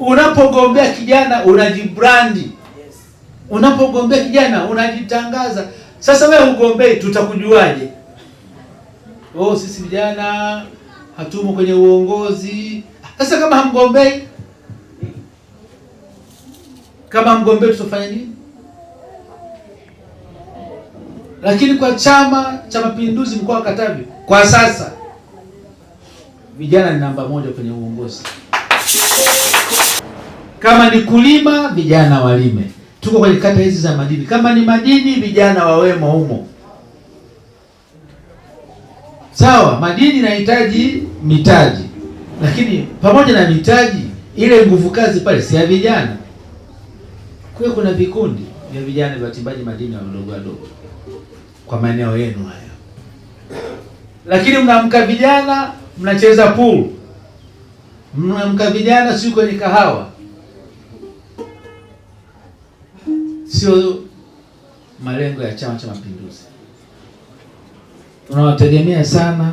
Unapogombea kijana unajibrandi, unapogombea kijana unajitangaza. Sasa wewe ugombei, tutakujuaje? Oh, sisi vijana hatumo kwenye uongozi. Sasa kama hamgombei, kama hamgombei tutafanya nini? Lakini kwa Chama cha Mapinduzi mkoa wa Katavi kwa sasa vijana ni namba moja kwenye uongozi. Kama ni kulima, vijana walime. Tuko kwenye kata hizi za madini, kama ni madini, vijana wawemo humo. Sawa, madini inahitaji mitaji, lakini pamoja na mitaji, ile nguvu kazi pale si ya vijana. Kwa kuna vikundi vya vijana vya wachimbaji madini wadogo wadogo kwa maeneo yenu haya, lakini mnaamka vijana mnacheza pool, mnaamka vijana siku kwenye kahawa sio malengo ya Chama cha Mapinduzi. Tunawategemea sana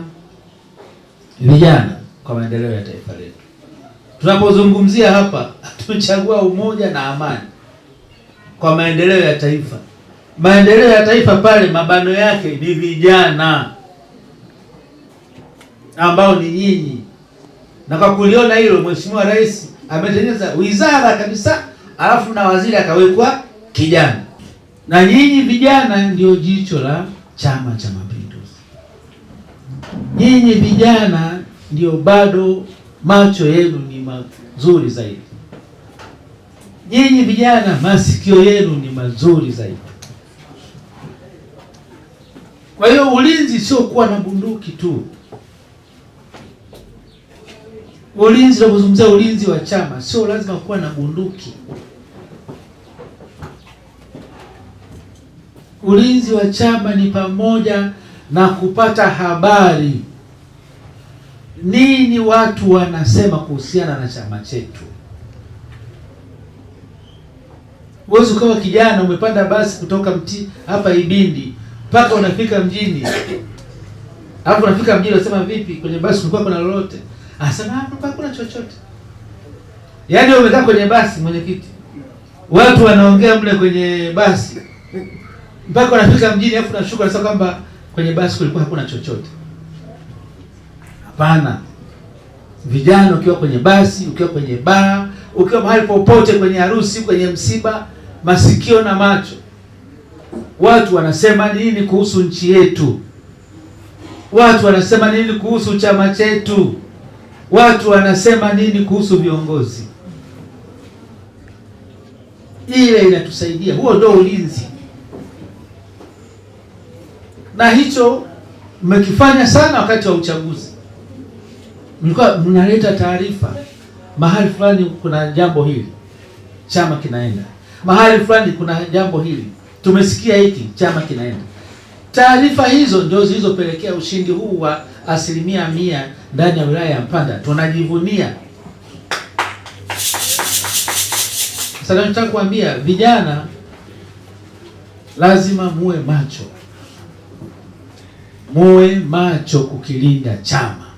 vijana kwa maendeleo ya taifa letu. Tunapozungumzia hapa, tumechagua umoja na amani kwa maendeleo ya taifa. Maendeleo ya taifa pale mabano yake ni vijana ambao ni nyinyi, na kwa kuliona hilo, Mheshimiwa Rais ametengeneza wizara kabisa, alafu na waziri akawekwa kijana, na nyinyi vijana ndio jicho la Chama cha Mapinduzi. Nyinyi vijana ndio bado macho yenu ni mazuri zaidi, nyinyi vijana masikio yenu ni mazuri zaidi. Kwa hiyo ulinzi sio kuwa na bunduki tu. Ulinzi, nakuzungumzia ulinzi wa chama, sio lazima kuwa na bunduki. Ulinzi wa chama ni pamoja na kupata habari, nini watu wanasema kuhusiana na chama chetu. Huwezi ukawa kijana umepanda basi kutoka mti hapa Ibindi mpaka unafika mjini, alafu unafika mjini unasema vipi, kwenye basi kulikuwa kuna lolote? Anasema ah, hapa kuna chochote. Yaani umekaa kwenye basi, mwenyekiti, watu wanaongea mle kwenye basi mpaka unafika mjini, alafu unashuka unasema kwamba kwenye basi kulikuwa hakuna chochote. Hapana, vijana, ukiwa kwenye basi, ukiwa kwenye baa, ukiwa mahali popote, kwenye harusi, kwenye msiba, masikio na macho, watu wanasema nini kuhusu nchi yetu? Watu wanasema nini kuhusu chama chetu? Watu wanasema nini kuhusu viongozi? Ile inatusaidia, huo ndio ulinzi na hicho mmekifanya sana wakati wa uchaguzi. Mlikuwa mnaleta taarifa mahali fulani kuna jambo hili, chama kinaenda mahali fulani, kuna jambo hili, tumesikia hiki, chama kinaenda. Taarifa hizo ndio zilizopelekea ushindi huu wa asilimia mia ndani ya wilaya ya Mpanda. Tunajivunia sasa. Nataka kuambia vijana, lazima muwe macho muwe macho kukilinda chama.